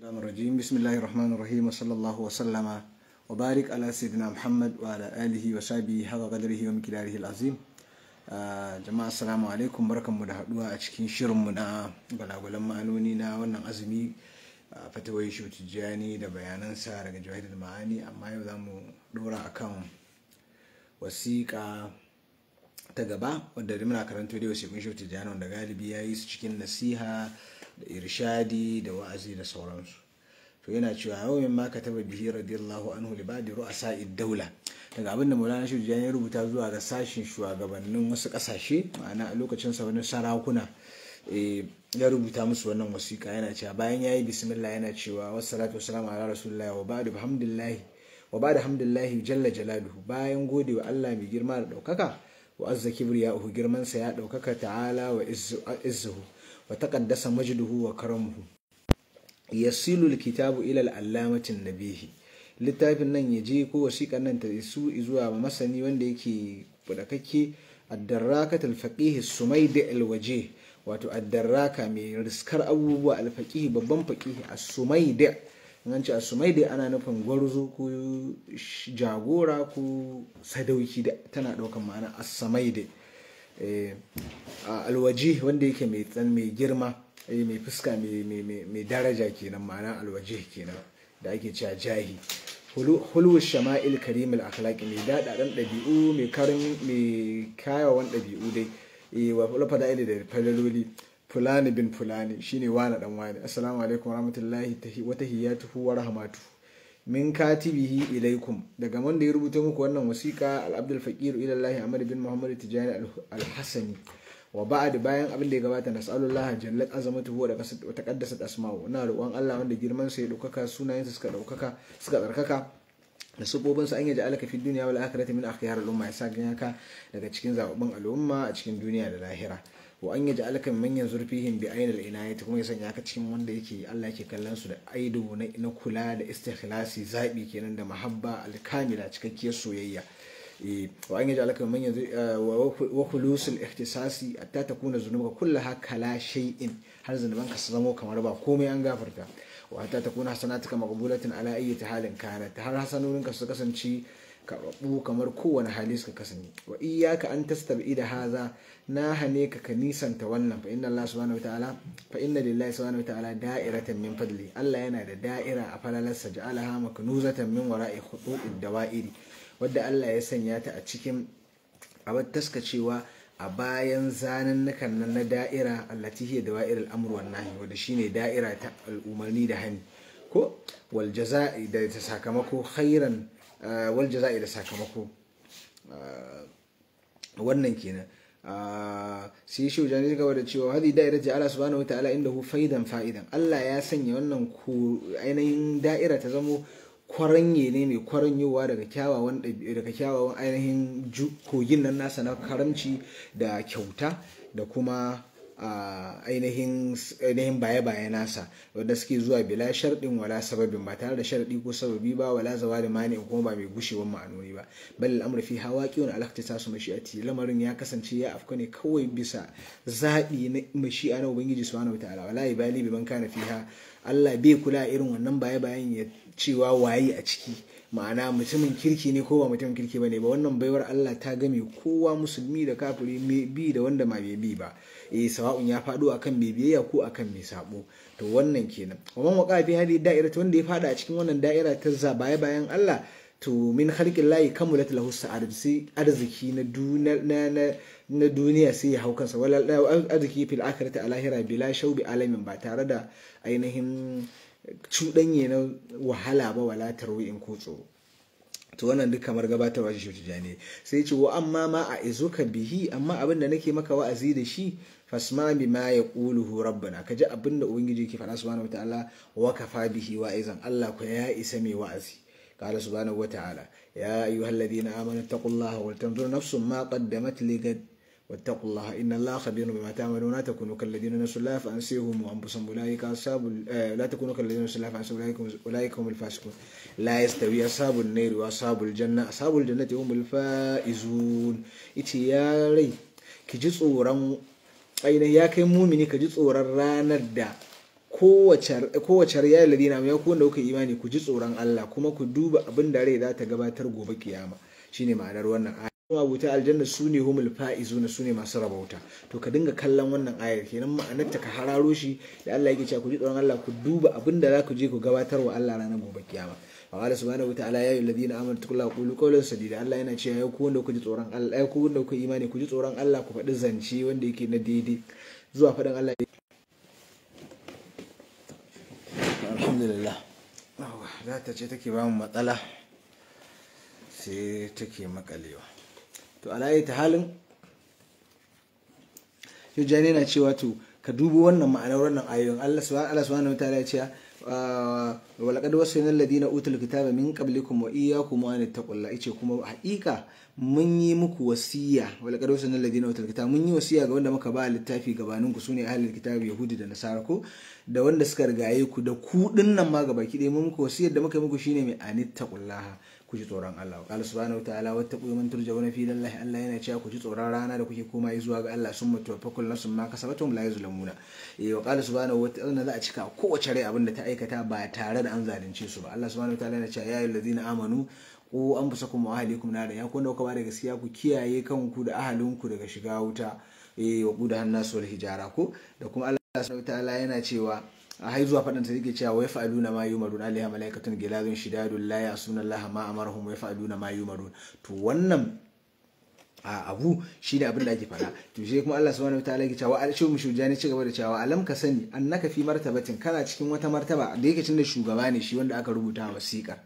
الشيطان الرجيم بسم الله الرحمن الرحيم وصلى الله وسلم وبارك على سيدنا محمد وعلى آله وصحبه حق قدره ومقداره العظيم jama'a assalamu alaikum barkanmu da haɗuwa a cikin shirin mu na gwalagwalan ma'anoni na wannan azumi fatawai shutijjani da bayanan sa daga jawahir ma'ani amma yau za mu a kan wasiƙa ta gaba wadda muna karanto dai wasiƙun shutijjani wanda galibi ya yi su cikin nasiha da irshadi da wa'azi da sauransu to yana cewa yau min ma kataba bihi radiyallahu anhu li ba'di ru'asa daula daga abin da Maulana Shehu ya rubuta zuwa ga sashin shugabannin wasu kasashe ma'ana a lokacin sa wani sarakuna eh, ya rubuta musu wannan wasiƙa yana cewa bayan yayi bismillah yana cewa wassalatu wassalamu ala rasulillahi wa ba'du bihamdillahi wa ba'da hamdillahi jalla jalaluhu bayan gode wa Allah mai girma da daukaka wa azza kibriya girman sa ya daukaka ta'ala wa izzuhu wa taqaddasa majduhu wa karamuhu yasilu alkitabu ila al'alamatin nabihi littafin nan ya je ko wasiƙan nan ta isu zuwa masani wanda yake fadakakke addarrakat alfaqih sumaidi alwaje wato addarraka mai riskar abubuwa alfakihi babban faqih as-sumaidi an ana nufin gwarzo ko jagora ko sadauki da tana daukan ma'ana as-sumaidi Eh, alwaji wanda yake mai tsan mai girma eh, mai fuska mai daraja kenan ma'ana alwaji kenan da ake cewa jahi hulu shama'il al akhlaqi mai dadadan dabi'u mai karin mai kayawan dabi'u dai eh wa da falaloli fulani bin fulani shine wani dan wani assalamu alaikum warahmatullahi wa tahiyatuhu wa rahmatuhu min katibihi ilaikum daga wanda ya rubuta muku wannan wasiƙa al-abdul faqir ila Allah Ahmad bin Muhammad Tijani al-Hasani wa ba'd bayan abin da ya gabata nas'alullah jallat azamatu wa taqaddasat asma'u na roƙon Allah wanda girman sa ya daukaka sunayensa suka daukaka suka tsarkaka da sufofin su an yaji ja'alaka fi duniya wal akhirati min akhyar al-umma ya sa daga cikin zababban al'umma a cikin duniya da lahira wa an yaji alkan manyan zurfihin bi ainul ta kuma ya sanya ka cikin wanda yake Allah yake kallon su da aido na kula da istikhlasi zaɓi kenan da mahabba alkamila cikakkiyar soyayya eh, wa an yi alkan manyan eh, wa khulusul ihtisasi hatta takuna zunubuka haka la shay'in har zunubanka su zamo kamar ba komai an gafarta wa ta kuna hasanatuka maqbulatin ala ayyati halin ta har ka su kasance karɓu kamar kowane hali suka kasance wa iyyaka an tastabi da haza na hane ka ka nisanta wannan fa inna Allah subhanahu ta'ala fa inna lillahi subhanahu da'iratan min fadli Allah yana da da'ira a falalarsa ja'alaha maknuzatan min wara'i khututid dawa'iri wadda Allah ya sanya ta a cikin abar taskacewa a bayan zanen nan na da'ira allati hiya dawa'irul amr wan nahi wanda shine da'ira ta al'umarni da hani ko wal jaza'i da ta sakamako khairan Eh, wal jaza'i da sakamako eh, wannan kenan eh, sai shi wajen gaba da cewa hadi da'ira ji Allah subhanahu wataala indahu faidan fa'idan Allah ya sanya wannan ku ainihin da'ira ta zamo kwaranye ne mai kwaranyowa daga kyawawan daga kyawawan ainihin kogin nan nasa na karamci da kyauta da kuma ainihin baye-baye nasa wanda suke zuwa bila sharɗin wala sababin ba tare da sharɗi ko sababi ba wala zawa da mani kuma ba mai gushewar ma'anoni ba bal al'amur fi wani wal alaqtisa su mashi'ati lamarin ya kasance ya afka ne kawai bisa zaɓi na mashi'a na ubangiji subhanahu wataala wala ibali biman kana fiha Allah bai kula irin wannan baya-bayan ya cewa waye a ciki ma'ana mutumin kirki ne ko ba mutumin kirki ne, ba wannan baiwar Allah ta game kowa musulmi da kafiri bi da wanda ma bai bi ba eh sawa'un ya faɗo akan mai biyayya ko akan mai sabo to wannan kenan wannan waka fi hadi da'ira wanda ya fada a cikin wannan da'ira ta za baya bayan Allah to min khalqi layi kamulat lahu sa'adatu sai arziki na na duniya sai ya hau kansa wala arziki fil akhirati alahira bila shaubi alamin ba tare da ainihin cudanye na wahala ba wala tarwi'in ko tsoro to wannan duk kamar gabatarwa shi shi tijani sai ya ce wa amma ma a izuka bihi amma abin da nake maka wa'azi da shi فاسمع بما يقوله ربنا كجاء ابن ka ji abin سبحانه وتعالى وكفى به subhanahu الله wa اسمي bihi قال سبحانه وتعالى يا أيها الذين آمنوا اتقوا الله ولتنظر نفس ما قدمت لقد واتقوا الله إن الله خبير بما تعملون لا تكونوا كالذين نسوا الله فأنسيهم وأنفسهم أولئك أصحاب آه، لا تكونوا كالذين نسوا الله فأنسيهم أولئك أولئك هم الفاسقون لا يستوي أصحاب النير وأصحاب الجنة أصحاب الجنة هم الفائزون إتياري كجزء رم ainihin ya kai mumini ka ji tsoron ranar da kowace riyar ladina ya ku kuka imani ku ji tsoron Allah kuma ku duba abin da rai za ta gabatar gobe kiyama shine ma'anar wannan Kuma abuta aljanna su ne humul fa'izuna su ne masu rabauta to ka dinga kallon wannan ayar kenan ma'anar ta ka hararo shi da Allah yake cewa ku ji tsoron Allah ku duba abin da za ku je ku gabatar wa Allah ranar gobe kiyama wa qala subhanahu wa ta'ala ya ayyuhallazina amanu taqullaha qulu qawlan sadida Allah yana cewa ya ku wanda ku ji tsoron Allah ya ku wanda ku imani ku ji tsoron Allah ku faɗi zance wanda yake na daidai zuwa faɗin Allah alhamdulillah za ta ce take ba mu matsala sai take makalewa to alayi ta halin yau jani na cewa to ka dubi wannan ma'anar wannan ayoyin Allah subhanahu wa ta'ala ya ce walaƙad wasu yanar ladina utul kitaba min qablikum wa iyyakum an taqulla ice kuma haƙiƙa mun yi muku wasiya walaƙad wasu yanar ladina utul kitaba mun yi wasiya ga wanda muka ba littafi gabanin ku sune ahlul kitabi yahudi da nasara ko da wanda suka rigaye ku da ku dinnan ma gabaki ɗaya mun muku wasiyar da muka yi muku shine mai anita taqullaha ku ji tsoron Allah Allah subhanahu ta'ala wattaqu man turja'una fi lillahi Allah yana cewa ku ji tsoron rana da kuke koma zuwa ga Allah sun summa tawaffakul nasu ma kasabatum la yuzlamuna eh wa qala subhanahu ta'ala za a cika kowace rai abin da ta aikata ba tare da an zalunce su ba Allah subhanahu ta'ala yana cewa ya ayyuhallazina amanu ku anfusakum wa ahlikum nar ya kun dauka ba da gaskiya ku kiyaye kanku da ahalinku daga shiga wuta eh wa qudahan nasu wal hijara ko da kuma Allah subhanahu ta'ala yana cewa a hai zuwa faɗin ta yake cewa wa yaf'aluna ma yumarun alaiha malaikatun gilazun shidadun la ya'suna allaha ma amarahum wa yaf'aluna ma yumarun to wannan a abu shine abin da ake faɗa to shi kuma Allah subhanahu wataala yake cewa al shumu shujani ci gaba da cewa alam ka sani an annaka fi martabatin kana cikin wata martaba da yake cin da shugaba ne shi wanda aka rubuta wasiƙar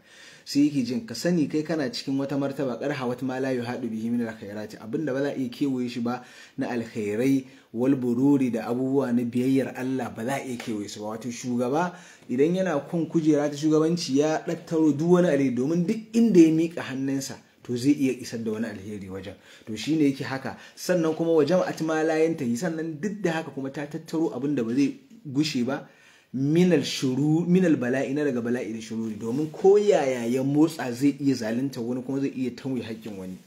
sai yake jin ka sani kai kana cikin wata martaba karha wata ma la yuhadu bihi min alkhairati abinda ba za a iya kewaye shi ba na alkhairai wal bururi da abubuwa na biyayyar Allah ba za a iya kewaye su ba wato shugaba idan yana kun kujera ta shugabanci ya dattaro duk wani alheri domin duk inda ya mika hannunsa to zai iya isar da wani alheri wajen to shine yake haka sannan kuma wajen jama'at ma sannan duk da haka kuma ta tattaro abinda ba zai gushe ba minal bala'i na daga bala'i da shururi domin ko yaya ya motsa zai iya zalunta wani kuma zai iya tanwe haƙƙin wani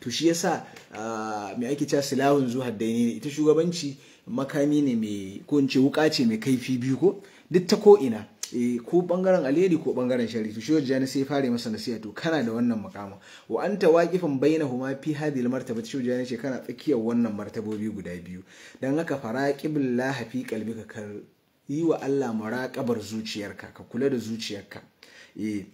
to shi yasa ah, me ake cewa silahun zuwa daini ne ita shugabanci makami ne mai ko ce wuka ce mai kaifi biyu ko duk ta ko ina eh, ko bangaren alheri ko bangaren shari to shiwa jani sai fara masa nasiha to kana da wannan makama wa anta waqifan huma fi hadhihi martaba shiwa jani ce kana tsakiyar wannan martabobi guda biyu dan haka faraqibul lahi fi qalbika yi wa Allah muraƙabar zuciyarka ka kula da zuciyarka eh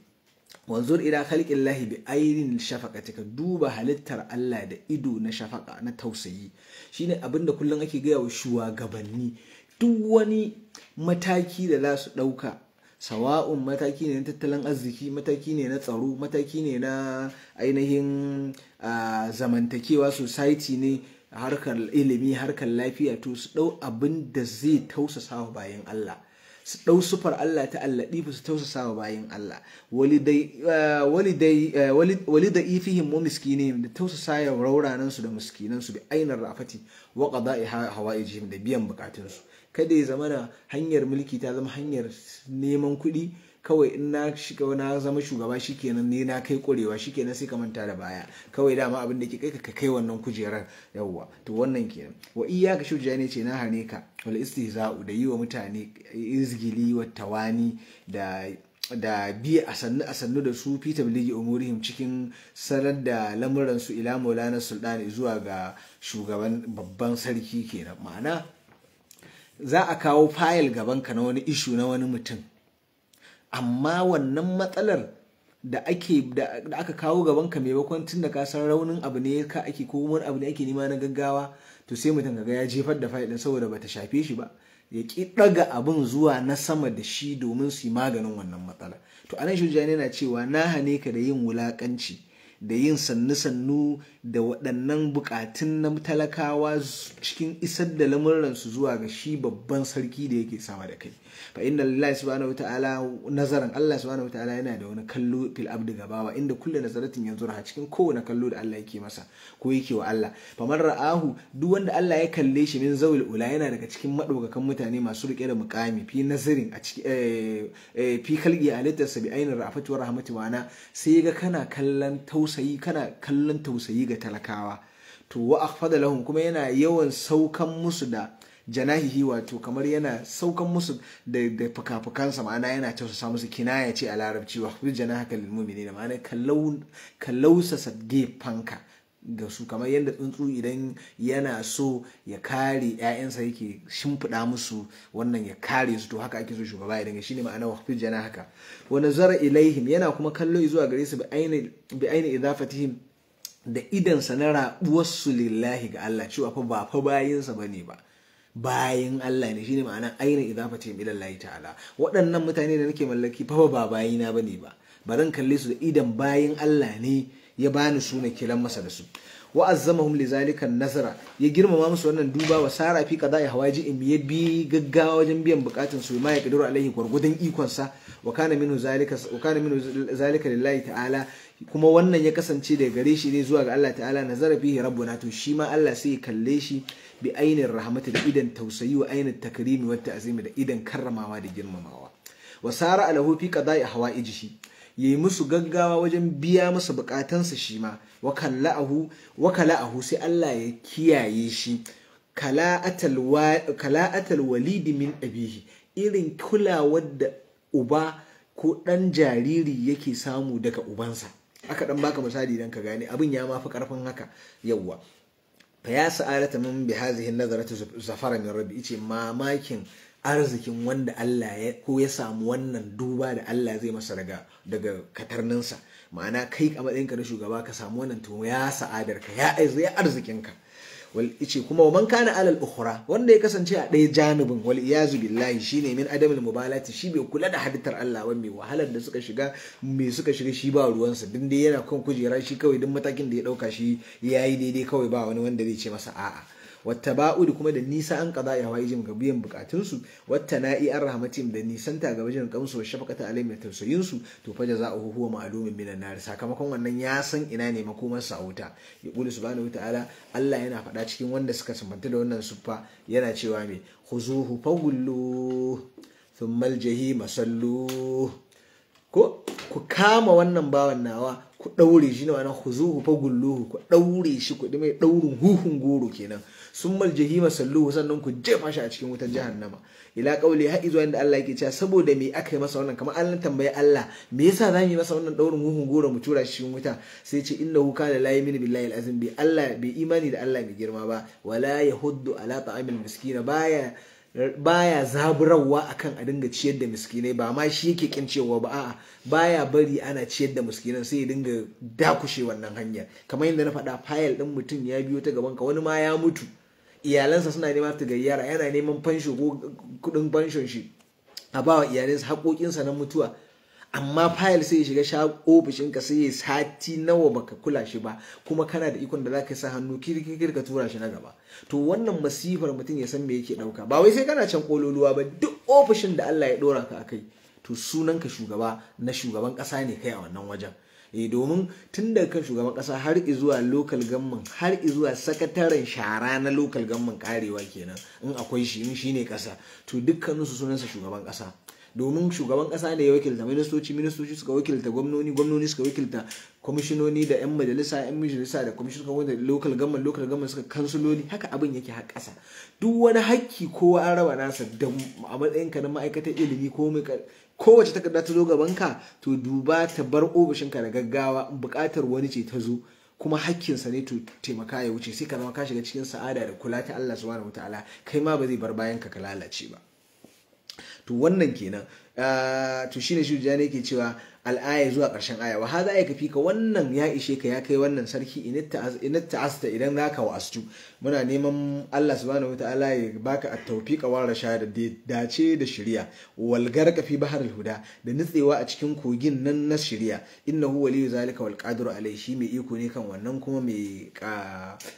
wanzur ila khalqi lahi bi ayrin shafaqati ka duba halittar Allah da ido na shafaka na tausayi shine abinda kullum ake gaya wa shugabanni duk wani mataki da zasu su ɗauka sawa'un mataki ne na tattalin arziki mataki ne na tsaro mataki ne na ainihin ah, zamantakewa society ne harkar ilimi harkar lafiya to su ɗau abin da zai tausasa wa bayan Allah su ɗau sufar Allah ta Allah ɗifi su tausasa wa bayan Allah eh, eh, wali da ifihin mu miskine da tausasa ya su da miskinansu bi ainihin rafati wa qada'i hawaijihim da biyan bukatunsu kada ya zamana hanyar mulki ta zama hanyar neman kuɗi kawai in na shiga na zama shugaba shikenan ne na kai ƙwarewa shikenan sai ka manta da baya kawai dama abin da ke kai ka kai wannan kujerar yawwa to wannan kenan wa ka shuja ne ce na hane ka wal istihza'u da yi wa mutane izgili wa tawani da da biya a sannu a sannu da su Peter tabligi umurihim cikin sanar da lamuransu ila maulana sultani zuwa ga shugaban babban sarki kenan ma'ana za a kawo fayil gaban ka na wani ishu na wani mutum amma wannan matsalar da aka kawo gaban ka maimakon tun da ka san raunin abu ne ka ake ko wani abu ne ake nema na gaggawa to sai mutum kaga ya jefar da fa'idin saboda bata shafe shi ba ya ki daga abin zuwa na sama da shi domin su yi maganin wannan matsala to anan shi yana cewa na hane ka da yin wulakanci da yin sannu-sannu da waɗannan buƙatun na talakawa cikin isar da lamuransu zuwa ga shi babban sarki da yake sama da kai fa su lillahi subhanahu ta'ala nazarin Allah subhanahu ta'ala yana da wani kallo fil abdi gabawa inda kulle nazaratin yanzu raha cikin kowane kallo da Allah yake masa ko yake wa Allah fa man ra'ahu duk wanda Allah ya kalle shi min zawil ula yana daga cikin madaukakan mutane masu rike da mukami fi nazarin a cikin eh, eh, fi kalgi alitarsa bi ainin ra'afati wa rahmati wa sai ga kana kallon tausa tausayi kana kallon tausayi ga talakawa to wa akhfada lahum kuma yana yawan saukan musu da janahihi wato kamar yana saukan musu da da fukafukansa ma'ana yana tausasa musu kinaya ce a larabci wa khfid janahaka ne da ma'ana kallau kallausa gefanka ga su kamar yadda tsuntsu idan yana so ya kare 'ya'yansa yake shimfiɗa musu wannan ya kare su to haka ake so shugaba idan shi ne ma'ana waqfil jana haka wa nazara ilaihim yana kuma kallo zuwa gare su bi aini idafatihim da idansa na wasu lillahi ga Allah cewa fa ba fa bayinsa bane ba bayin Allah ne shine ma'ana aina idafatihim ila Allah ta'ala waɗannan mutane da nake mallaki fa ba bayina bane ba ba zan kalle su da idan bayan Allah ne ya bani su na kilan masa da su wa azzamahum li zalika nazara ya girmama musu wannan duba wa sara fi hawaji im ya bi gaggawa wajen biyan bukatun su ma ya kadiru alaihi gurgudan ikon sa wa kana minhu zalika wa kana minhu zalika lillahi ta'ala kuma wannan ya kasance da gare shi ne zuwa ga Allah ta'ala nazara fihi rabbuna to shi ma Allah sai ya kalle shi bi ainin rahmati da idan tausayi wa ainin takrimi wa ta'zimi da idan karramawa da girmamawa wa sara alahu fi qada'i shi. ya yi musu gaggawa wajen biya masa bukatansa shi ma wakala'ahu sai Allah ya kiyaye shi kala'atal walidi min abihi irin kulawar da uba ko ɗan jariri yake samu daga ubansa aka ɗan baka misali don ka gane abin ya mafi ƙarfin haka yawwa fa ya sa'alata min bi hazihi nazarati zafara min rabbi ice mamakin arzikin wanda Allah ya ko ya samu wannan duba da Allah zai masa daga daga katarninsa ma'ana kai a matsayinka na shugaba ka samu wannan to ya sa'adar ka ya arzikin ka wal ice kuma man kana alal ukhra wanda ya kasance a ɗaya janibin wal iyazu billahi shine min adamul mubalati shi bai kula da halittar Allah ba mai wahalar da suka shiga me suka shiga shi ba ruwansa din dai yana kan kujera shi kawai din matakin da ya dauka shi yayi daidai kawai ba wani wanda zai ce masa a'a wata da kuma da nisa an kaza ya gabiyan ga biyan bukatunsu wata na'i an rahmatim da nisan ta ga wajen kamsu wa shafakata alaihim da tausayinsu to fa hu huwa ma'lumin minan nar sakamakon wannan ya san ina ne makomar sa wuta ya kula subhanahu ta'ala Allah yana faɗa cikin wanda suka sumanta da wannan suffa yana cewa me khuzuhu fawullu thumma al-jahima sallu ko ku kama wannan bawan nawa ku ɗaure shi ne wannan huzuhu fa gulluhu ku ɗaure shi ku mai ɗaurin huhun goro kenan Sun summal jahima sallu sannan ku jefa shi a cikin wutar jahannama ila kauli har izo inda Allah yake cewa saboda me aka yi masa wannan kamar Allah tambaye Allah me yasa za mu yi masa wannan daurin huhun goro mu tura shi cikin wuta sai ce innahu kana la yamin billahi alazim bi Allah bi imani da Allah mai girma ba wala yahuddu ala ta'amil miskina baya baya zaburarwa akan a dinga ciyar da miskinai ba ma shi yake kin cewa ba a'a baya bari ana ciyar da miskinan sai ya dinga dakushe wannan hanyar kamar yadda na faɗa fayil ɗin mutum ya biyo ta gaban ka wani ma ya mutu iyalansa suna neman ta gayyara yana neman fansho ko kudin fanshon shi a ba wa iyalinsa haƙoƙinsa na mutuwa amma fayil sai ya shiga sha ofishin ka sai ya sati nawa baka kula shi ba kuma kana da ikon da za ka sa hannu kirkirkir ka tura shi na gaba to wannan masifar mutum ya san me yake ɗauka ba wai sai kana can kololuwa ba duk ofishin da Allah ya dora ka akai to sunanka shugaba na shugaban ƙasa ne kai a wannan wajen e domin tun da kan shugaban kasa har zuwa local government har zuwa sakataren shara na local government karewa kenan in akwai shi shi ne kasa to dukkaninsu sunansa shugaban kasa domin shugaban kasa ne ya wakilta ministoci ministoci suka wakilta gwamnoni gwamnoni suka wakilta kwamishinoni da yan majalisa yan majalisa da kwamishinan da local government local government suka kansuloni haka abin yake har kasa duk wani hakki kowa an raba nasa da a matsayin ka na ma'aikatar ilimi ko kowace takarda ta zo gaban ka, to duba ta bar ofishinka da gaggawa bukatar wani ce ta zo kuma hakkinsa ne to taimaka ya wuce sai ka zama ka shiga cikin sa'ada da kula ta Allah subhanahu wataala kai ma ba zai bar bayan ka lalace ba to wannan kenan ah, to shine shi ne yake cewa al'aya zuwa ƙarshen aya wa haza ya kafi ka wannan ya ishe ka ya kai wannan sarki inatta asta idan za ka wasu muna neman Allah subhanahu wataala ya baka at-tawfiqa wa rashada da dace da shiriya walgar kafi bahar baharil huda da nutsewa a cikin kogin nan na shiriya innahu waliyyu zalika wal qadiru alai shi mai iko ne kan wannan kuma mai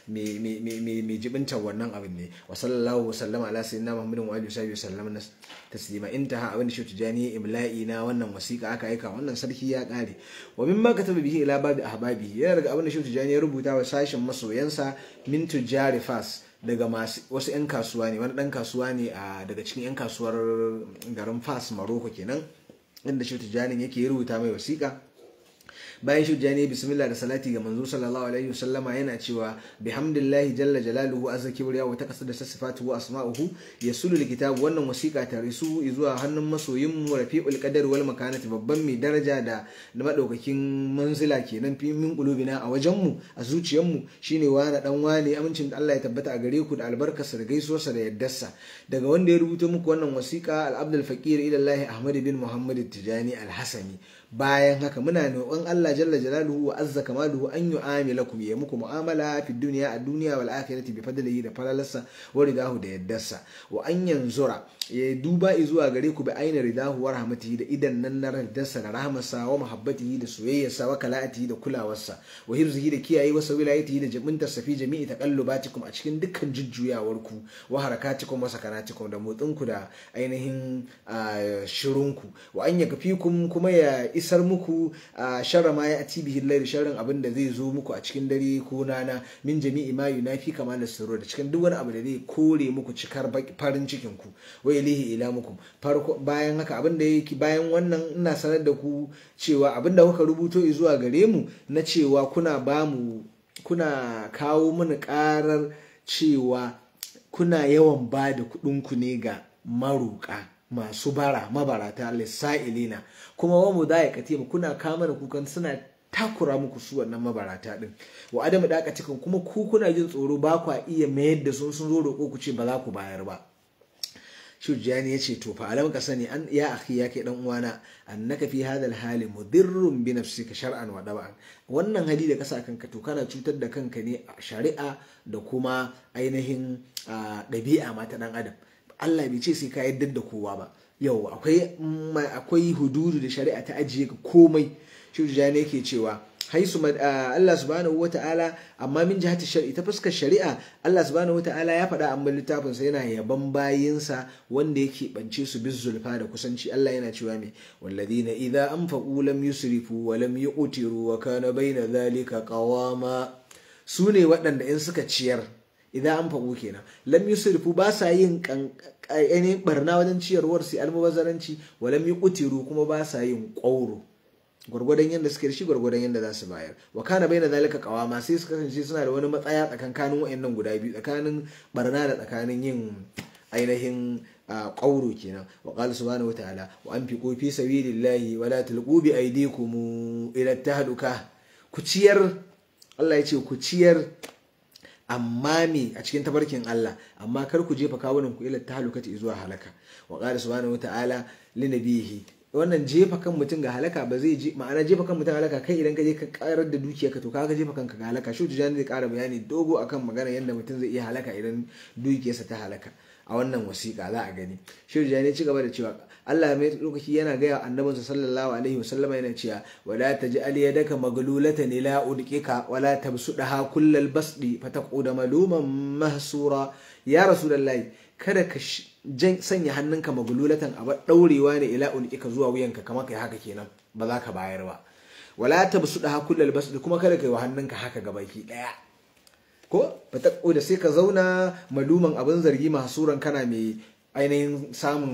mai jibinta wannan abin ne wa sallallahu wasallama ala sayyidina muhammadin wa alihi wa taslima intaha abin da shi imla'i na wannan wasiƙa aka aika wannan sarki ya kare wa min ma kataba bihi ila babi ahbabi yana daga abin da shi tujani ya rubuta wa sashin masoyansa min tujari fas daga wasu yan kasuwa ne wani dan kasuwa ne a daga cikin yan kasuwar garin fas maroko kenan inda shi tujani yake rubuta mai wasiƙa bayan shujani bismillah da salati ga manzo sallallahu alaihi wasallama yana cewa bihamdillahi jalla jalaluhu azza kibriya wa taqaddasa da wa asma'uhu yasulu likitabu wannan wasiƙa tare su zuwa hannun masoyin mu rafi'ul qadar wal makanati babban mai daraja da madaukakin manzila kenan fi min qulubina a wajen mu a zuciyar mu shine wani dan wani amincin da Allah ya tabbata a gare ku da albarkarsa da sa da yaddarsa daga wanda ya rubuta muku wannan wasiƙa al-abdul faqir ila Allah ahmad bin muhammad tijani al-hasani bayan haka muna roƙon Allah jalla jalaluhu wa azza kamaluhu an yu'amilakum ya muku mu'amala fi duniya a duniya wal akhirati bi fadlihi da falalarsa wa ridahu da yaddarsa wa an yanzura ya duba zuwa gare ku bi aina ridahu wa rahmatihi da idan nan na radarsa da rahmasa wa da soyayyarsa wa kala'atihi da kulawarsa wa hirzihi da kiyaye wasa wilayatihi da jibinta safi jami'i taqallubatikum a cikin dukkan jujjuyawar ku wa harakatikum wa sakanatikum da motsin ku da ainihin shirunku ku wa an ya yakfikum kuma ya isar muku sharra ma ya ati bihi lair sharrin abin da zai zo muku a cikin dare ko nana min jami'i ma yunafi da sirru da cikin duk wani abu da zai kore muku cikar farin cikin ku ila muku farko bayan haka abin da yake bayan wannan ina sanar da ku cewa abin da kuka rubuto zuwa gare mu na cewa kuna ba mu kuna kawo mana karar cewa kuna yawan ba da ku ne ga maroƙa masu bara mabarata lissa'ilina kuma wa mu da ya kuna kama da kukan suna takura muku su wannan mabarata din wa adamu da aka cikin kuma ku kuna jin tsoro ba kwa iya mayar da sun sun zo roƙo ku ce ba za ku bayar ba shujjani ya ce to fa alam ka sani an ya akhi ya kai dan uwana annaka fi hadal hali mudirrun bi nafsika shar'an wa dab'an wannan hali da kasa kanka to kana cutar da kanka ne a shari'a da kuma ainihin ɗabi'a ma ta dan adam Allah bai ce sai ka yaddar da kowa ba yau akwai mm, akwai hududu da shari'a ta ajiye ka komai shujjani yake cewa haisu Allah subhanahu wata'ala amma min jihati shar'i ta fuskar shari'a Allah subhanahu wata'ala ya faɗa amma littafin sa yana yaban bayinsa wanda yake bance su zulfa da kusanci Allah yana cewa me walladhina idza anfaqu lam yusrifu wa lam yuqtiru wa kana baina dhalika qawama su ne waɗanda in suka ciyar idan an kenan lam yusrifu ba sa yin ainihin barna wajen ciyarwar sai almubazzaranci wa lam yuqtiru kuma ba sa yin ƙwauro gwargwadon yadda suke da shi gwargwadon yadda za su bayar wa kana bai na zalika kawama sai su kasance suna da wani matsaya tsakankanin wa'annan guda biyu tsakanin barna da tsakanin yin ainihin ƙauro kenan wa qala subhanahu wataala wa an fi lillahi wa la tulqu bi aydikum ila tahluka ku ciyar Allah ya ce ku ciyar amma me a cikin tabarkin Allah amma kar ku jefa kawunan ku ila tahlukati zuwa halaka wa qala subhanahu wataala li wannan jefa kan mutum ga halaka ba zai je ma'ana jefa kan mutum halaka kai idan ka je ka karar da dukiya ka to kaga jefa kanka ga halaka shi tujani zai kara bayani dogo akan magana yadda mutum zai iya halaka idan dukiyarsa ta halaka a wannan wasiƙa za a gani shi tujani ci gaba da cewa Allah mai lokaci yana gaya annabinsa sallallahu alaihi wasallam yana cewa wala taj'al yadaka ne ila udqika wala tabsudaha kullal basdi fataqud maluman mahsura ya rasu da rasulullahi kada ka sanya hannunka magululatan a ɗaurewa ne ila ulƙika zuwa wuyanka kamar kai haka kenan ba za ka bayar ba wala ta tabsudaha kullal da kuma kada kai wa hannunka haka ga baki ɗaya. ko fataqo da sai ka zauna maluman abin zargi mahsuran kana mai ainihin samun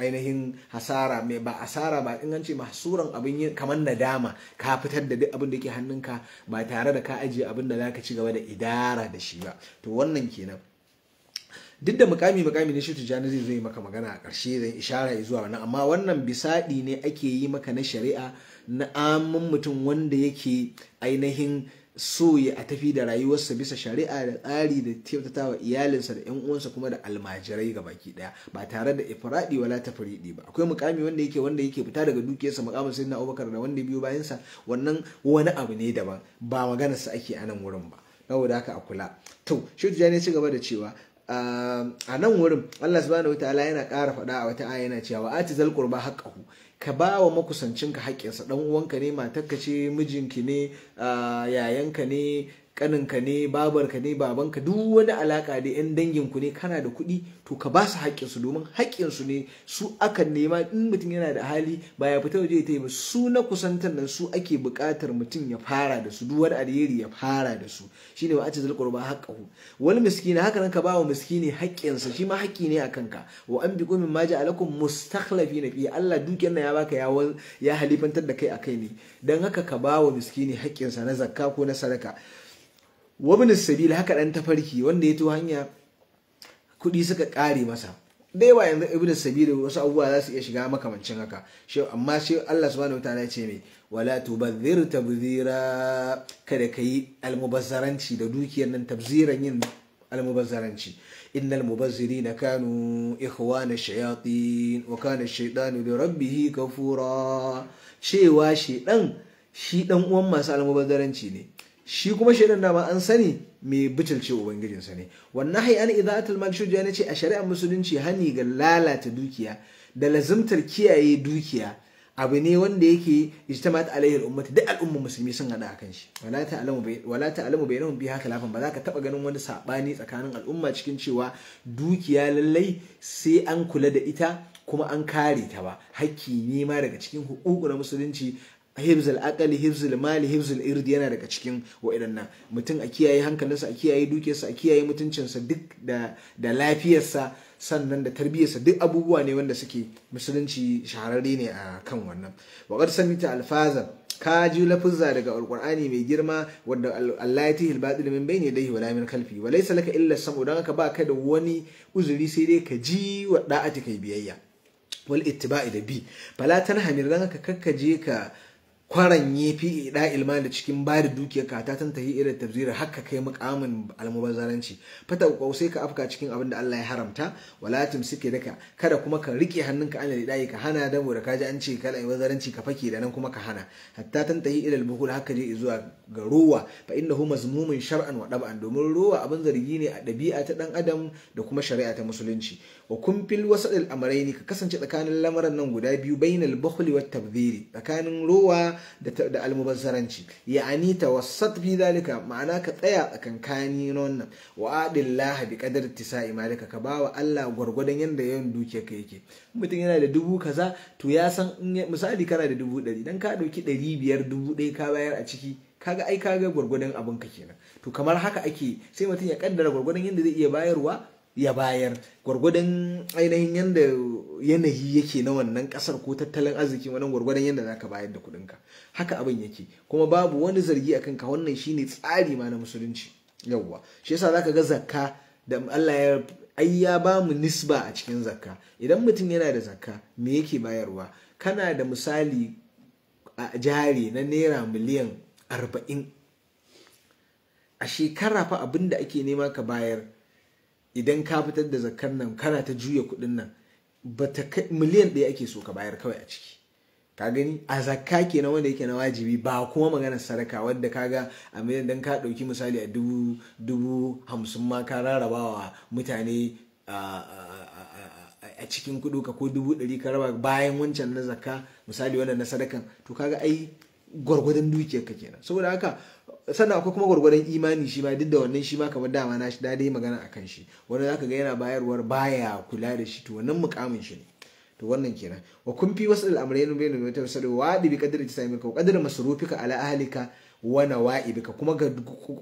ainihin hasara mai ba asara ba inganci mahsuran abin yin kamar nadama ka fitar da duk abin da ke hannunka ba tare da ka ajiye abin da za ka ci gaba da idara da shi ba to wannan kenan duk da mukami mukami ne shutu jani zai zo yi maka magana a ƙarshe zai ishara zuwa wannan amma wannan bisaɗi ne ake yi maka na shari'a na amin mutum wanda yake ainihin so ya a tafi da rayuwarsa bisa shari'a da tsari da kyautata wa iyalinsa da yan uwansa kuma da almajirai ga baki daya ba tare da ifradi wala tafridi ba akwai mukami wanda yake wanda yake fita daga dukiyarsa mukamin na Abubakar da wanda biyo bayan sa wannan wani abu ne daban ba maganarsa ake ake nan wurin ba saboda haka a kula to shi ya ci gaba da cewa Um, a nan wurin Allah subhanahu wataala yana ƙara faɗa a wata aya yana cewa ati zal qurba haqqahu ka ba wa makusancinka haƙƙinsa ɗan uwanka ne matarka ce mijinki ne uh, yayanka ne kaninka ne babarka ne babanka duk wani alaka da yan danginku ne kana da kuɗi to ka ba su haƙƙinsu domin haƙƙinsu ne su aka nema in mutum yana da hali ba ya fita waje ta yi ba su na kusantar nan su ake buƙatar mutum ya fara da su duk wani alheri ya fara da su shine wa ati zulqur ba haƙƙahu wal miskina haka nan ka ba wa miskini haƙƙinsa shi ma haƙƙi ne a kanka wa an biqu min ma ja'alakum na fi Allah dukiyar nan ya baka ya ya halifantar da kai akai ne dan haka ka ba wa miskini haƙƙinsa na zakka ko na sadaka wabin sabil haka ɗan tafarki wanda ya to hanya kuɗi suka ƙare masa da yawa yanzu ibn sabil wasu abubuwa za su iya shiga makamancin haka amma shi Allah subhanahu wataala ya ce mai wala tubadhir tabzira kada kai almubazzaranci da dukiyar nan tabziran yin almubazzaranci innal mubazzirina kanu ikhwana shayatin wa kana ash-shaytanu li rabbih kafura cewa dan shi dan uwan masu almubazzaranci ne shi kuma shaidan dama an sani mai bicilce ubangijinsa ne wannan hai an atal mal shujja ne ce a shari'ar musulunci hani ga lalata dukiya da lazimtar kiyaye dukiya abu ne wanda yake ijtimat alaihi al-ummah duk al'ummar musulmi sun hada akan shi wala ta'lamu wala ta'lamu bainahum haka lafan ba za ka taba ganin wani sabani tsakanin al'umma cikin cewa dukiya lallai sai an kula da ita kuma an kare ta ba hakki ne ma daga cikin hukuku na musulunci hibzul akali hibzul mali hibzul irdi yana daga cikin wa'idannan mutum a kiyaye hankalinsa a kiyaye dukiyarsa a kiyaye mutuncinsa duk da da lafiyarsa sannan da tarbiyyarsa duk abubuwa ne wanda suke musulunci shahararre ne a kan wannan wa qad ta alfaza ka ji lafuzza daga alqur'ani mai girma wanda Allah ya tihi albatil min bayni yadayhi wala min khalfi wa laysa laka illa sam'u dan ka ba ka da wani uzuri sai dai ka ji wa da'ati kai biyayya wal ittiba'i da bi fala tanhamir dan ka kakkaje ka kwaran yafi da ilma da cikin ba da dukiyar ka ta tantahi irin tabzira hakka kai mukamin almubazzaranci fata ko sai ka afka cikin abin da Allah ya haramta wala suke daka kada kuma ka rike hannunka an da ka hana da ka kaji an ce kala almubazzaranci ka fake da nan kuma ka hana hatta tantahi ilal buhul haka je zuwa ga ruwa fa innahu mazmumun shar'an wa dab'an domin rowa abin zargi ne a dabi'a ta dan adam da kuma shari'a ta musulunci wa kun fil wasadil ka kasance tsakanin lamarin nan guda biyu bainal bukhli wat tabdhiri tsakanin rowa da da almubazzaranci ya'ani tawassat fi zalika ma'ana ka tsaya tsakankani na wannan wa adillah bi qadar tisa'i malika ka bawa Allah gwargwadon yadda yawan dukiyarka yake mutum yana da dubu kaza to ya san misali kana da dubu ɗari dan ka ɗauki ɗari biyar dubu ɗaya ka bayar a ciki kaga ai kaga gwargwadon abinka kenan to kamar haka ake sai mutum ya kaddara gwargwadon yadda zai iya bayarwa ya bayar gwargwadon ainihin yadda yanayi yake na wannan kasar ko tattalin arziki wannan gwargwadon yadda za ka bayar da kudinka haka abin yake kuma babu wani zargi a kanka wannan shine tsari ma na musulunci yawwa shi yasa za ka ga zakka da Allah ya ai ya ba mu nisba a cikin zakka idan mutum yana da zakka me yake bayarwa kana da misali a jari na naira miliyan arba'in a shekara fa abin da ake nema ka bayar idan ka fitar da zakar nan kana ta juya kuɗin nan miliyan ɗaya ake so ka bayar kawai a ciki ka gani a zakka kenan wanda yake na wajibi ba kuma maganar sadaka wadda ka ga a miliyan dan ka ɗauki misali a dubu dubu hamsin ma ka rarrabawa mutane a cikin kudu ka ko dubu ɗari ka raba bayan wancan na zakka misali wannan na sadakan to kaga ai gwargwadon dukiyarka kenan saboda haka sannan akwai kuma gwargwadon imani shi ma duk da wannan shi ma kamar dama na shi dai magana akan shi wani ka ga yana bayarwar baya kula da shi to wannan mukamin shi ne to wannan kenan wa kun fi wasu al'amrain bainu mai tafsir wa da bi qadri sami wa qadri masrufika ala ahlika wa nawaibika kuma ka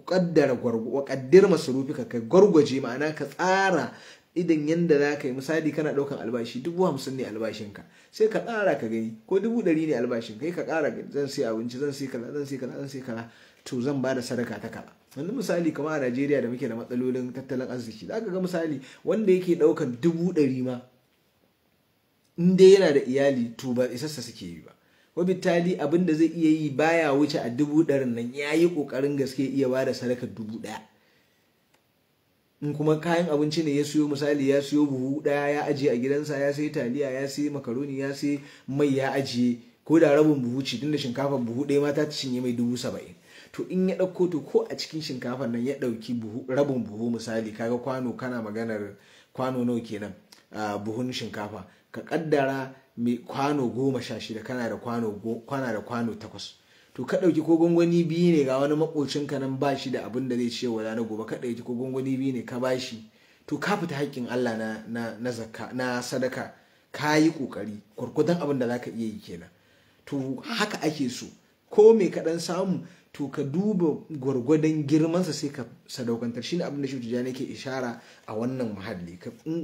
kaddara gwargo wa ka gwargwaje ma'ana ka tsara idan yanda za ka yi misali kana ɗaukar albashi dubu hamsin ne albashinka sai ka ƙara ka gani ko dubu ɗari ne albashin ka ƙara zan sai abinci zan sai kala zan sai kala zan sai kala to zan ba da sadaka ta kala wani misali kamar a najeriya da muke da matsalolin tattalin arziki za ka ga misali wanda yake ɗaukan dubu ɗari ma in dai yana da iyali to ba isassa suke yi ba wabittali abin da zai iya yi baya wuce a dubu ɗarin nan ya yi ƙoƙarin gaske iya ba da sadakar dubu ɗaya in kuma kayan abinci ne ya siyo misali ya siyo buhu daya ya ajiye a gidansa ya sai taliya ya sai makaroni ya sai mai ya ajiye ko da rabin buhu ce tunda shinkafa buhu ɗaya mata ta cinye mai dubu saba'in to in ya ɗauko to ko a cikin shinkafan nan ya ɗauki rabin buhu misali kaga kwano kana maganar kwano nawa kenan buhun shinkafa ka kaddara mai kwano goma sha shida kana da kwano takwas to ka ɗauki ko gwangwani biyu ne ga wani ka nan ba shi da abin da zai ce wa na gobe ka ɗauki ko gwangwani biyu ne ka bashi to ka fita haƙƙin Allah na sadaka ka yi kokari kurkudan abin da za ka iya yi kenan to haka ake so ko me ka ɗan samu to ka duba gwargwadon girmansa sai ka sadaukantar shi ne abin da shi tijjani ke ishara a wannan muhalli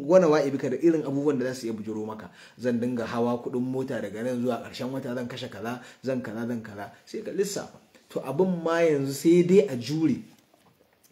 wani wa'ibi ka da irin abubuwan da za su iya bujiro maka zan dinga hawa kuɗin mota daga nan zuwa ƙarshen wata zan kashe kaza zan kaza zan kaza sai ka lissafa to abin ma yanzu sai dai a jure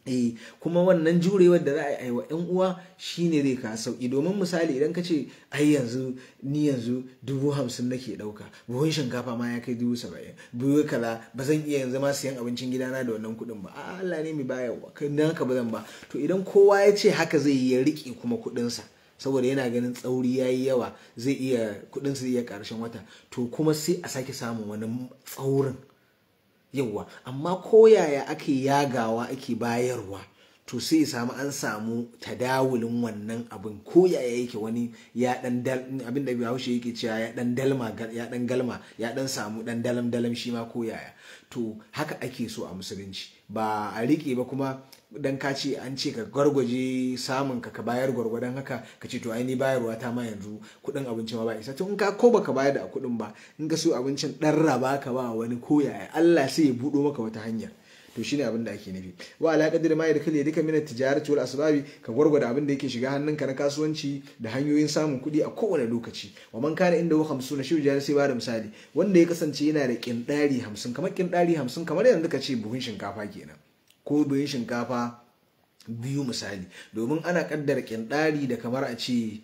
eh kuma wannan jurewar da za a yi wa yan uwa shine zai ka sauki domin misali idan ka ce ai yanzu ni yanzu dubu hamsin nake ɗauka, buhun shinkafa ma ya kai dubu saba'in buhun kala ba zan iya yanzu ma siyan abincin gidana da wannan kuɗin ba A'a Allah ne mai wa kai dan haka ba zan ba to idan kowa ya ce haka zai ya riƙe kuma kuɗinsa saboda yana ganin tsauri ya yi yawa zai iya kuɗinsa zai iya ƙarshen wata to kuma sai a sake samun wani tsaurin yauwa amma koyaya ake yagawa ake bayarwa to sai samu an samu tadawulin wannan abin koyaya yake wani ya dan abin da Bahaushe yake cewa ya dan dalma ya dan galma ya dan samu dan dalam dalam shi ma koyaya to haka ake so a musulunci ba a rike ba kuma dan ka ce an ce ka gwargwaje samun ka ka bayar gwargwadon haka ka ce to ai ni bayarwa ta ma yanzu kuɗin abinci ma ba isa to in ka ko baka bayar da kuɗin ba in ka so abincin dan raba ka ba wani ko yaya Allah sai ya buɗo maka wata hanya to shine abin da ake nufi wa ala qadri ma da kalle duka at tijaratu wal asbabi ka gwargwada abin da yake shiga hannunka na kasuwanci da hanyoyin samun kuɗi a kowane lokaci wa man kana inda 50 shi jari sai ba da misali wanda ya kasance yana da kindari 50 kamar kindari 50 kamar yanzu ka ce buhun shinkafa kenan ko buhun shinkafa biyu misali domin ana kaddara ƙinɗari da kamar a ce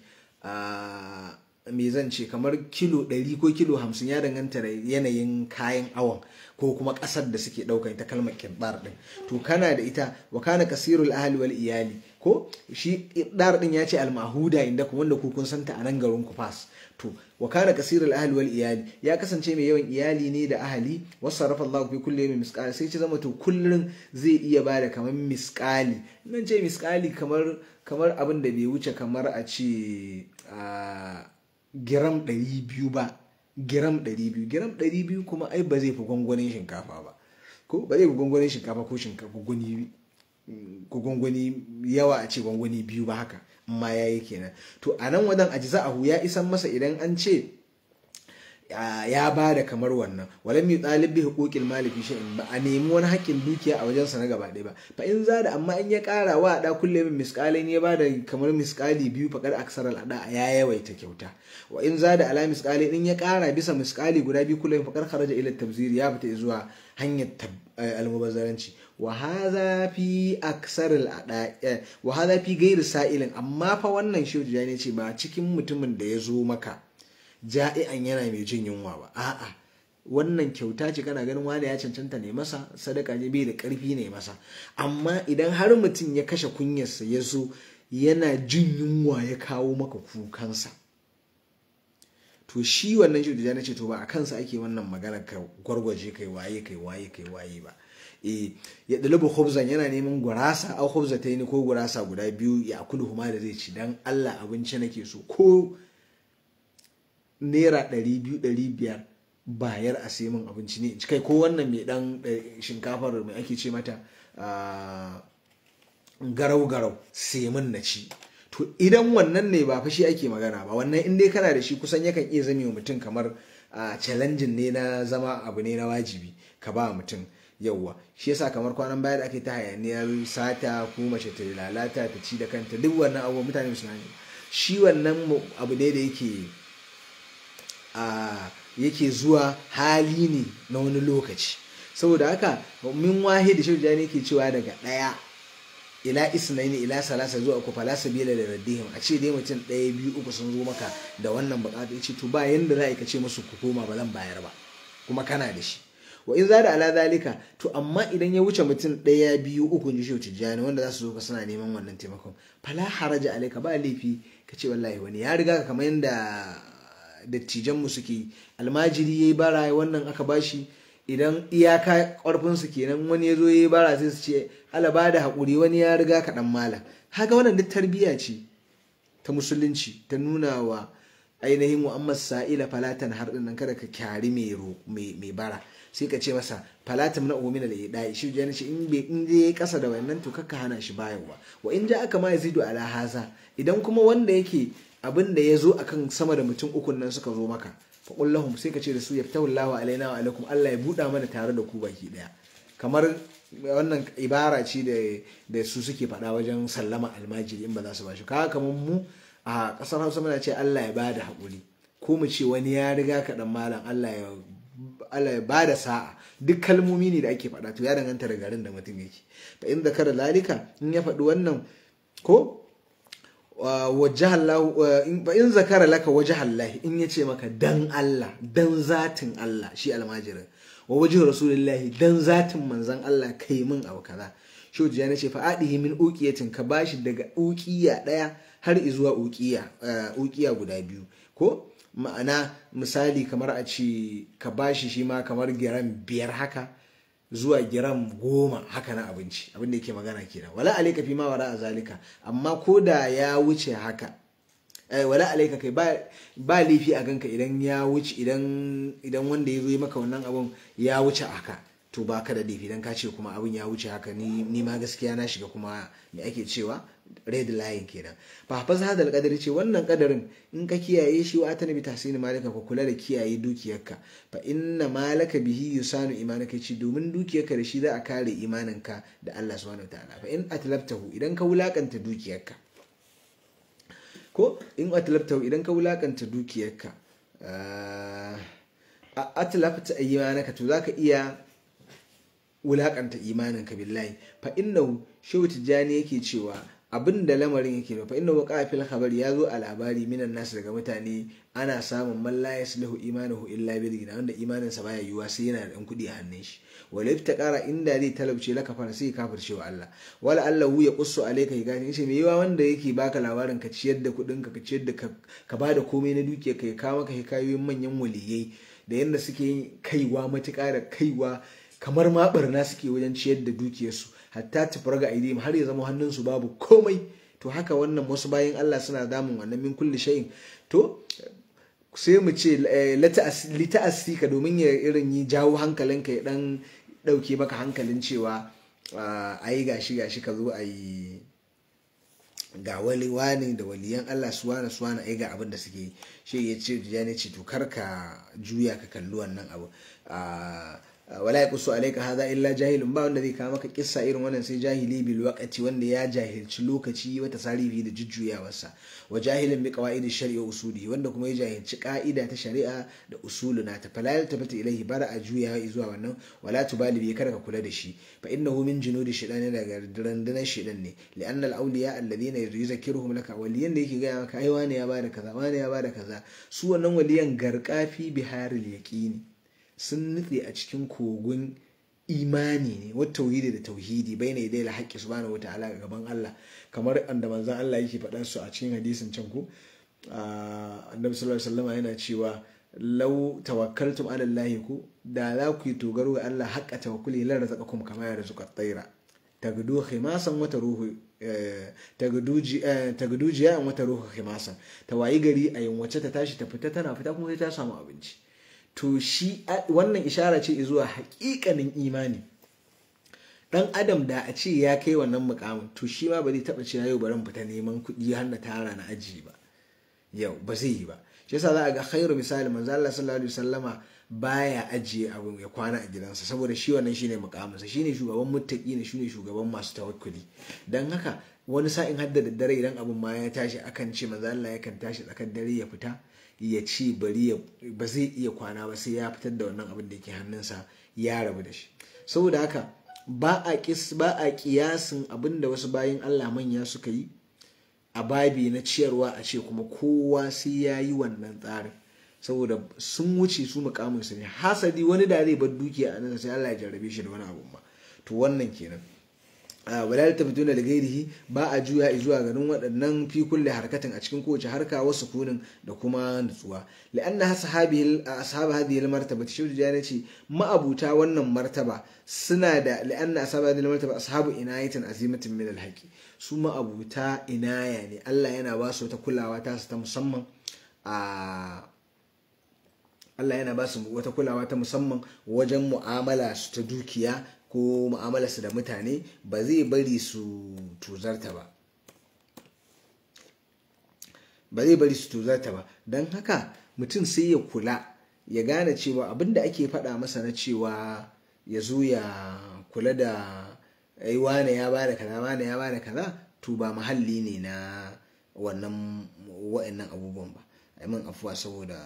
me zan ce kamar kilo 100 ko kilo 50 ya danganta da yanayin kayan awon ko kuma kasar da suke dauka ita kalmar kirdar din to kana da ita wa kana kasirul ahli wal iyali ko shi kirdar din ya ce al mahuda inda kuma wanda ku kun santa a nan garin ku fas to wa kana kasirul ahli wal iyali ya kasance mai yawan iyali ne da ahali wasarafa Allah fi kulli yawmin misqal sai ce zama to kullun zai iya bada kamar misqali nan ce misqali kamar kamar abin da bai wuce kamar a ce a giram 200 ba giram 200 giram 200 kuma ai ba zai fi gwangwanin shinkafa ba ko ba zai fi gwangwanin shinkafa ko shinkafa gwani ko gwangwani yawa a ce gwangwani biyu ba haka ma ya yi kenan to a nan wadan ajiza ahu ya isan masa idan an ce ya ba da kamar wannan walam yi ɗalib bi hukukin maliki shi ba a nemi wani hakkin dukiya a wajensa na gaba ɗaya ba fa in za da amma in ya ƙara wa ɗa kulle min miskalin ya ba da kamar misƙali biyu faƙar aksar al'ada ya yawaita kyauta wa in za da ala in ya ƙara bisa misƙali guda biyu kulle min faƙar kharaja ila tabziri ya fita zuwa hanyar eh, almubazzaranci وهذا في أكثر الأداء وهذا في غير سائل أما فوانا شو جاني ما cikin mutumin da ya zo maka ja'i'an yana mai jin yunwa ba a'a wannan kyauta ce kana ganin wani ya cancanta ne masa sadaka ne bai da karfi ne masa amma idan har mutum ya kashe kunyarsa ya zo yana jin yunwa ya kawo maka kukansa to shi wannan shi da ce to ba a kansa ake wannan magana ka gwargwaje kai waye kai waye kai waye ba Eh, ya dalibu Hobzan yana neman gurasa au khubza ta ko gurasa guda biyu ya kudu, huma da zai ci dan Allah abinci nake so ko naira ɗari biyu ɗari biyar bayar a sai min abinci ne kai ko wannan mai ɗan eh, shinkafar mai ake ce mata ah, garau garau sai min na ci to idan wannan ne ba fashi ake magana ba wannan in dai kana da shi kusan yakan iya zame mutum kamar a ah, challenge ne na zama abu ne na wajibi ka ba mutum yauwa shi yasa kamar kwanan baya da ake ta hayaniyar sata ko mace ta lalata ta ci da kanta duk wannan abu mutane su nani shi wannan abu ne da yake a zuwa hali ne na wani lokaci saboda haka min wahe da shirya ne ke cewa daga ɗaya ila isnaini ila salasa zuwa uku falasa sabila da raddihim a ce dai mutum ɗaya biyu uku sun zo maka da wannan bukata ce to ba yanda za ka ce musu ku koma ba zan bayar ba kuma kana da shi wa in zada ala zalika to amma idan ya wuce mutum ɗaya biyu uku ji shi tijjani wanda za su zo ka suna neman wannan taimakon fala haraja alaika ba laifi ka ce wallahi wani ya riga ka kamar yadda dattijan mu suke almajiri yayi bara wannan aka bashi idan iyaka ƙarfin su kenan wani ya zo yayi bara sai su ce ala ba da hakuri wani ya riga ka dan mala haka wannan duk tarbiyya ce ta musulunci ta nuna wa ainihin mu'ammad sa'ila falatan har nan kada ka kyari mai bara sai ka ce masa falatum na umina da idai shi jani shi in bai in je kasa da wannan to kakka hana shi bayarwa wa in ja aka ma yazidu ala haza idan kuma wanda yake abin da ya zo akan sama da mutum ukun nan suka zo maka fa sai ka ce da su yaftahu Allahu alaina wa alaikum Allah ya buɗa mana tare da ku baki daya kamar wannan ibara ce da su suke faɗa wajen sallama almajiri in ba za su ba shi kaga kamar mu a ƙasar hausa muna ce allah ya bada da haƙuri ko mu ce wani ya riga ka dan malam allah ya ya ba da sa'a duk kalmomi ne da ake faɗa to ya danganta da garin da mutum yake fa in zakara lalika in ya faɗi wannan ko in zakara laka wajahallahi in ya ce maka dan Allah dan zatin Allah shi almajirin wa wajhu rasulillahi dan zatin manzon Allah kai min abu kaza shoji na ce fa'adihi min uqiyatin ka bashi daga uqiya daya har izuwa uqiya eh, uqiya guda biyu ko ma'ana misali kamar a ce ka bashi shi ma kamar giram biyar haka zuwa giram goma haka na abinci abin da yake magana kenan wala alaika fi ma wara zalika amma ko da ya wuce haka eh, wala alaika kai ba laifi a ganka idan ya wuce idan wanda ya zo yi maka wannan abun ya wuce haka to ba ka da laifi dan ka ce kuma abin ya wuce haka ni ma gaskiya na shiga kuma me ake cewa red line kenan fa fa hadal kadari ce wannan kadarin in ka kiyaye shi wa ta nabi tasirin malaka ka kula da kiyaye dukiyarka fa inna malaka bihi yusanu imanaka ce domin dukiyarka da shi za a kare imaninka da Allah subhanahu ta'ala fa in atlabtahu idan ka wulakanta dukiyarka ko in atlabtahu idan ka wulakanta dukiyarka ah, a atlabta imanaka to zaka iya wulakanta imaninka billahi fa innahu shehu jani yake cewa abin da lamarin yake nufa inna waka fil khabari ya zo a labari minan nasu daga mutane ana samun man la yaslihu imanuhu illa bil gina wanda imanin sa baya yiwuwa sai yana da ɗan kudi a hannun shi wala iftaqara inda zai talabce laka fara sai kafirce wa Allah wala Allah ya qussu alayka higatin shi me yawa wanda yake baka labarin ka ciyar da kudin ka ciyar da ka bada komai na duke ka ya ka maka hikayoyin manyan waliyai da yanda suke kaiwa matuƙa da kaiwa kamar ma barna suke wajen ciyar da dukiyarsu hatta ga aidihim har ya zama hannunsu babu komai to haka wannan wasu bayan Allah suna damun wannan min kulli shay'in to sai mu ce eh, lita'assi ka domin ya irin yi jawo hankalinka ya dan dauke maka hankalin cewa yi ah, gashi gashi ka zo ayi ga wani wani da waliyan Allah suwana suwana yi ga abin da suke shi ya ce ya ne ce to juya ka kalli wannan abu ah, Ah, wala ya kusu alaika haza illa jahilun ba wanda zai kawo maka kissa irin wannan sai jahili bil waqati wanda ya jahilci lokaci wata sarifi da jujjuyawarsa wa jahilin bi qawaidi shari'a usuli wanda kuma ya jahilci ka'ida ta shari'a da usuluna ta fala ilai ilahi bara a juya zuwa wannan wala tubali bi kada ka kula da shi fa innahu min junudi shaytan daga randunan shidan ne li anna al awliya alladhina yuzakkiruhum laka waliyan da yake gaya maka ai wani ya bada kaza wani ya bada kaza su wannan waliyan garkafi haril yaqini sun nutse a cikin kogon imani ne wata tauhidi da tauhidi bai idai dai haƙƙi wata ala gaban Allah kamar anda manzon Allah yake faɗan su a cikin hadisin can ku annabi sallallahu alaihi yana cewa law tawakkaltum ala Allah ku da za ku yi dogaro ga Allah haƙƙa tawakkuli lan razaqakum kama ya at-tayra tagdu khimasan wata ruhu eh, tagdu eh, Tagdu jiya'an wata ruhu khimasan tawayi gari a yin wacce ta tashi ta fita tana fita kuma sai ta samu abinci to shi wannan ishara ce zuwa hakikanin imani dan adam da a ce ya kai wannan mukamin to shi ma ba zai taba cewa yau baran fita neman kuɗi har na tara na aji ba yau ba zai yi ba shi yasa za a ga khairu misali manzo Allah sallallahu alaihi wasallama baya ajiye abu ya kwana a gidansa saboda shi wannan shine sa shine shugaban muttaki ne shine shugaban masu tawakkuli dan haka wani sa'in hadda da dare idan abun ma ya tashi akan ce manzo Allah kan tashi tsakar dare ya fita ya ci bari ba zai iya kwana ba sai ya fitar da wannan abin da yake hannunsa ya rabu da shi saboda haka ba a kiyasin abin da wasu bayan Allah manya suka yi a babi na ciyarwa a ce kuma kowa sai ya yi wannan tsarin saboda sun wuce su mukamin su ne hasadi wani da zai bar dukiya a nan sai Allah ya jarrabe shi da wani abu ma to wannan kenan Ah, wala tabtuna da gairihi ba a juya zuwa ganin waɗannan fi kulle harkatin a cikin kowace harka wasu kunin da kuma nutsuwa la'anna na ashab hadhihi almartaba shi da ce ma'abuta wannan martaba suna da la'anna ashab hadhihi almartaba ashabu inayatin azimatin min alhaqi su ma'abuta inaya ne Allah yana ba su ta kulawa ta su ta musamman a Allah yana ba su wata kulawa ta musamman wajen mu'amala su ta dukiya ko mu'amalarsu da mutane ba zai bari su tuzarta ba ba zai bari su tuzarta ba don haka mutum sai ya kula ya gane cewa abin da ake faɗa masa na cewa ya zo ya kula da ai wane ya ba da kaza wane ya ba da kaza to ba muhalli ne na wannan wa'annan abubuwan ba min afuwa saboda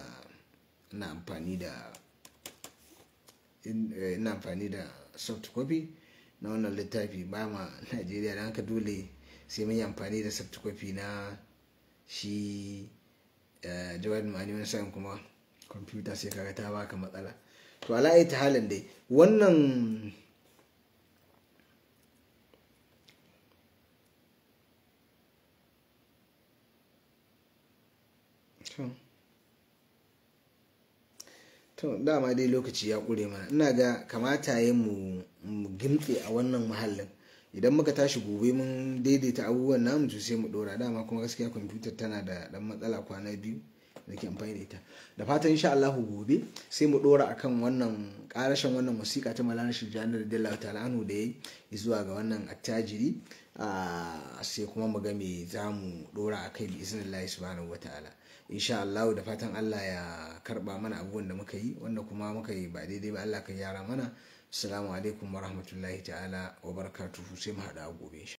ina amfani da eh, ina amfani da soft copy na wannan littafi ba ma najeriya da haka dole sai mun yi amfani da soft copy na shi eh, jawad ma'ani wani sa'in kuma kwamfuta sai kaga ta baka matsala to ala ta halin dai wannan you. dama dai lokaci ya kure mana ina ga kamata ya mu gimtse a wannan muhallin idan muka tashi gobe mun daidaita abubuwan namu su sai mu dora dama kuma gaskiya kwamfutar tana da dan matsala kwana biyu da ke amfani da ita da fatan insha Allah gobe sai mu dora akan wannan karashin wannan musika ta malana janar da dalla ta anu da yi zuwa ga wannan attajiri ah, sai kuma mu ga me mu dora akai bi iznillahi subhanahu ala. insha Allah da fatan Allah ya karba mana abubuwan da muka yi wanda kuma muka yi ba daidai ba Allah ka gyara mana assalamu alaikum warahmatullahi ta'ala wa barakatuhu sai mu hada gobe